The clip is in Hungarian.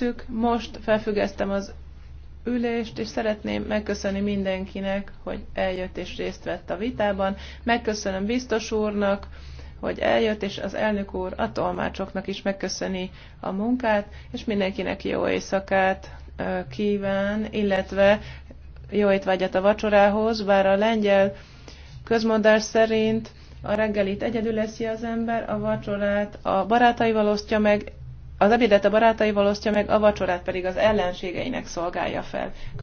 tesszük. Most felfüggesztem az ülést, és szeretném megköszönni mindenkinek, hogy eljött és részt vett a vitában. Megköszönöm biztos úrnak, hogy eljött, és az elnök úr a tolmácsoknak is megköszöni a munkát, és mindenkinek jó éjszakát kíván, illetve jó étvágyat a vacsorához, bár a lengyel közmondás szerint a reggelit egyedül eszi az ember, a vacsorát a barátaival osztja meg, az ebédet a barátaival osztja meg, a vacsorát pedig az ellenségeinek szolgálja fel.